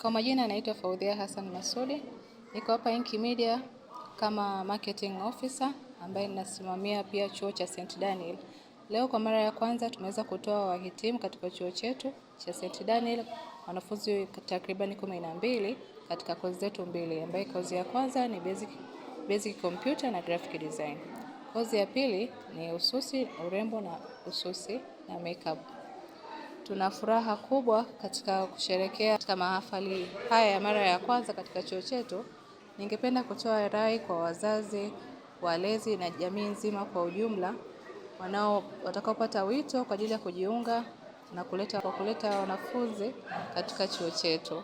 Kwa majina anaitwa Faudhia Hassan Masudi, niko hapa Inki Media kama marketing officer ambaye ninasimamia pia chuo cha St. Daniel. Leo kwa mara ya kwanza tumeweza kutoa wahitimu katika chuo chetu cha St. Daniel wanafunzi takriban kumi na mbili katika kozi zetu mbili, ambaye kozi ya kwanza ni basic, basic computer na graphic design. Kozi ya pili ni ususi, urembo na ususi na makeup. Tuna furaha kubwa katika kusherekea katika mahafali haya ya mara ya kwanza katika chuo chetu. Ningependa kutoa rai kwa wazazi, walezi na jamii nzima kwa ujumla wanao watakaopata wito kwa ajili ya kujiunga na kuleta kwa kuleta wanafunzi katika chuo chetu.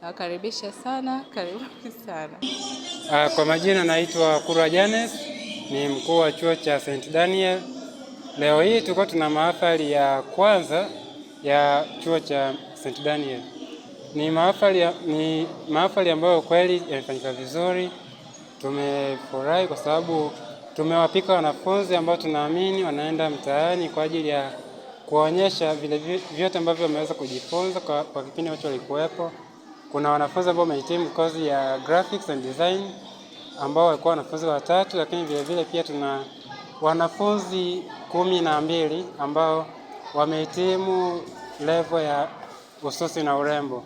Nawakaribisha sana, karibuni sana. Ah, kwa majina naitwa Kura Janes, ni mkuu wa chuo cha St. Daniel. Leo hii tuko tuna mahafali ya kwanza ya chuo cha St. Daniel. Ni mahafali, ni mahafali ambayo kweli yamefanyika vizuri, tumefurahi kwa sababu tumewapika wanafunzi ambao tunaamini wanaenda mtaani kwa ajili ya kuonyesha vile vyote ambavyo wameweza kujifunza kwa, kwa kipindi ambacho walikuwepo. Kuna wanafunzi ambao wamehitimu kozi ya graphics and design ambao walikuwa wanafunzi watatu, lakini vile vile pia tuna wanafunzi kumi na mbili ambao wamehitimu level ya ususi na urembo.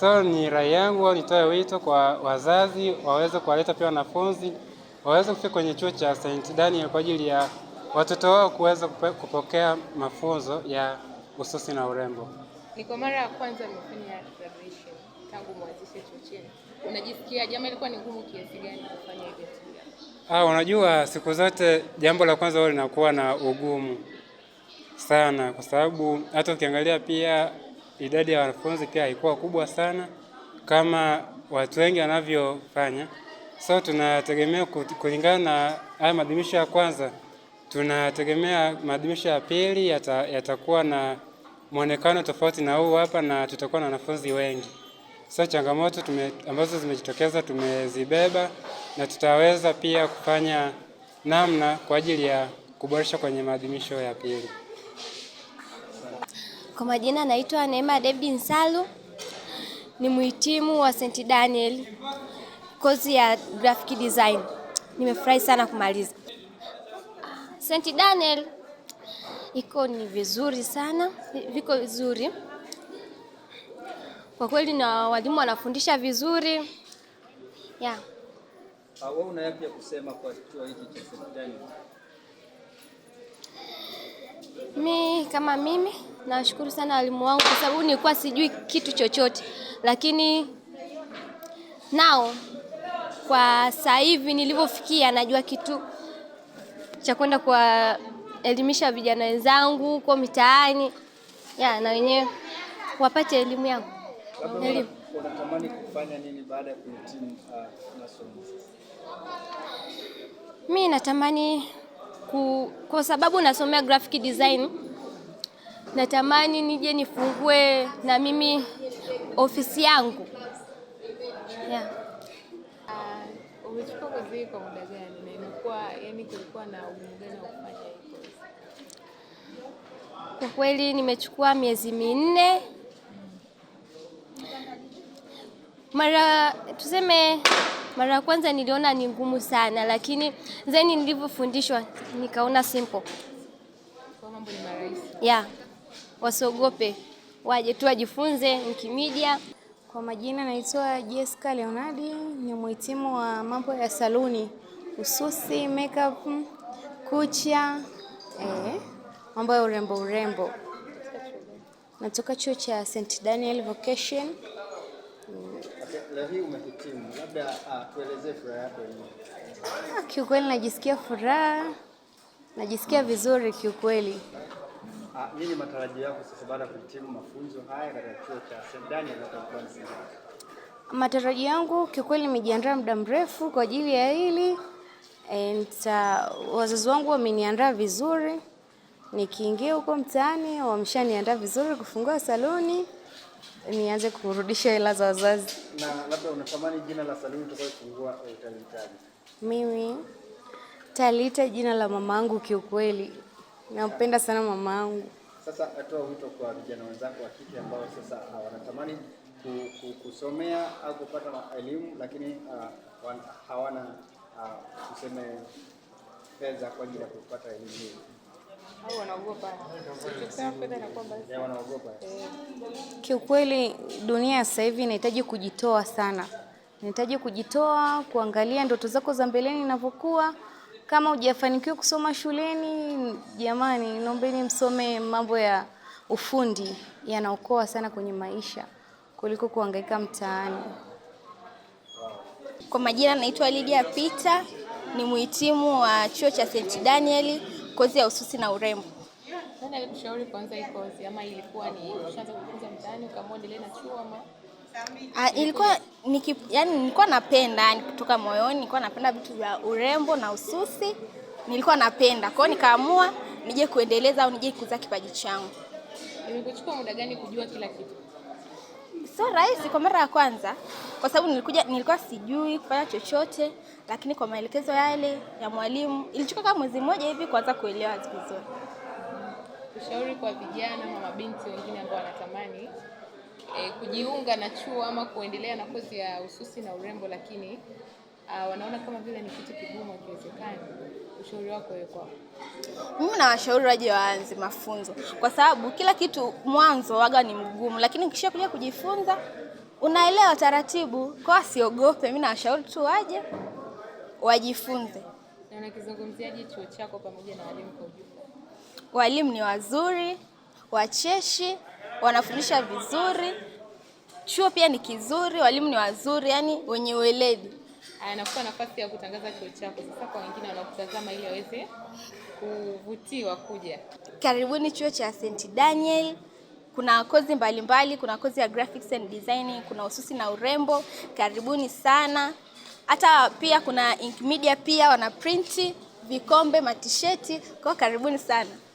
So ni rai yangu nitoe wito kwa wazazi waweze kuwaleta pia wanafunzi waweze kufika kwenye chuo cha St. Daniel kwa ajili ya watoto wao kuweza kupokea mafunzo ya ususi na urembo. Ni kwa mara ya kwanza nimefanya graduation tangu mwanzishe chuo chenu. Unajisikia jambo ilikuwa ni ngumu kiasi gani kufanya hivi? Ah, unajua siku zote jambo la kwanza huwa linakuwa na ugumu sana, kwa sababu hata ukiangalia pia idadi ya wanafunzi pia haikuwa kubwa sana kama watu wengi wanavyofanya. So tunategemea kulingana na haya maadhimisho ya kwanza, tunategemea maadhimisho ya pili yatakuwa yata na mwonekano tofauti na huu hapa, na tutakuwa na wanafunzi wengi. So changamoto tume, ambazo zimejitokeza tumezibeba, na tutaweza pia kufanya namna kwa ajili ya kuboresha kwenye maadhimisho ya pili. Kwa majina naitwa Neema David Nsalu, ni mhitimu wa St Daniel kozi ya graphic design. Nimefurahi sana kumaliza. St Daniel iko ni vizuri sana, viko vizuri kwa kweli, na walimu wanafundisha vizuri yeah. Ah, wewe una yapi ya kusema kwa kituo hiki cha St Daniel? Mi kama mimi Nawashukuru sana walimu wangu kwa sababu nilikuwa sijui kitu chochote, lakini nao kwa sasa hivi nilivyofikia, najua kitu cha kwenda kuwaelimisha vijana wenzangu huko mitaani ya na wenyewe wapate elimu yangu. Elimu unatamani kufanya nini baada ya kuhitimu uh, masomo? Mi natamani ku, kwa sababu nasomea graphic design natamani nije nifungue na mimi ofisi yangu yeah. Uh, kwa kweli nimechukua miezi minne mara tuseme mara ya kwanza niliona ni ngumu sana, lakini zeni nilivyofundishwa nikaona simple. Kwa mambo ni Yeah wasiogope, waje tu wajifunze Miki Kwa majina naitwa Jessica Leonardi, ni mhitimu wa mambo ya saluni, hususi makeup, kucha, eh, mambo ya urembo urembo. Natoka chuo cha St Daniel Vocation. Ah, kiukweli najisikia furaha, najisikia vizuri kiukweli. Ah, nini matarajio yako sasa baada ya kuhitimu mafunzo haya katika chuo cha St. Daniel hapa mkoani Matarajio yangu kiukweli, nimejiandaa muda mrefu kwa ajili ya hili and uh, wazazi wangu wameniandaa vizuri, nikiingia huko mtaani wameshaniandaa vizuri kufungua saluni nianze kurudisha hela za wazazi. Na labda unatamani jina la saluni utakayofungua eh, utalitaje? Mimi talita jina la mamangu kiukweli. Nampenda sana mamangu. Sasa atoa wito kwa vijana wenzako wa kike ambao sasa ah, wanatamani kusomea au kupata elimu lakini uh, hawana uh, tuseme fedha kwa ajili ya kupata elimu hii wanaogopa. Eh. Kiukweli dunia sasa hivi inahitaji kujitoa sana, inahitaji kujitoa, kuangalia ndoto zako za mbeleni inavyokuwa kama hujafanikiwa kusoma shuleni, jamani, naombeni msome mambo ya ufundi, yanaokoa sana kwenye maisha kuliko kuhangaika mtaani. Kwa majina naitwa Lydia Peter, ni mhitimu wa chuo cha St. Daniel, kozi ya ususi na urembo. Nani alikushauri kuanza hii kozi ama ilikuwa ni ushaanza kufunza mtaani ukaendelea na chuo ama Ah, ilikuwa niki, yani nilikuwa napenda yani kutoka moyoni nilikuwa napenda vitu vya urembo na ususi, nilikuwa napenda. kwao, nikaamua nije kuendeleza au nije kuza kipaji changu. Imekuchukua muda gani kujua kila kitu? Sio rahisi kwa mara ya kwanza, kwa sababu nilikuja nilikuwa sijui kufanya chochote, lakini kwa maelekezo yale ya mwalimu ilichukua kama mwezi mmoja hivi kuanza kuelewa vizuri. Ushauri kwa vijana na mabinti wengine ambao wanatamani e, kujiunga na chuo ama kuendelea na kozi ya ususi na urembo, lakini uh, wanaona kama vile ni kitu kigumu, kiwezekani. Ushauri wako wewe kwao? Mimi nawashauri waje waanze mafunzo, kwa sababu kila kitu mwanzo waga ni mgumu, lakini kisha kuja kujifunza unaelewa taratibu, kwa wasiogope. Mimi nawashauri tu waje wajifunze. Na unakizungumziaje chuo chako pamoja na walimu kwa ujumla? Walimu ni wazuri, wacheshi wanafundisha vizuri, chuo pia ni kizuri, walimu ni wazuri, yani wenye ueledi. Anakupa nafasi ya kutangaza chuo chako sasa kwa wengine wanakutazama ili waweze kuvutiwa kuja. Karibuni chuo cha St. Daniel. Kuna kozi mbalimbali mbali, kuna kozi ya graphics and designing, kuna ususi na urembo. Karibuni sana. Hata pia kuna ink media, pia wana printi vikombe, matisheti. Kwa karibuni sana.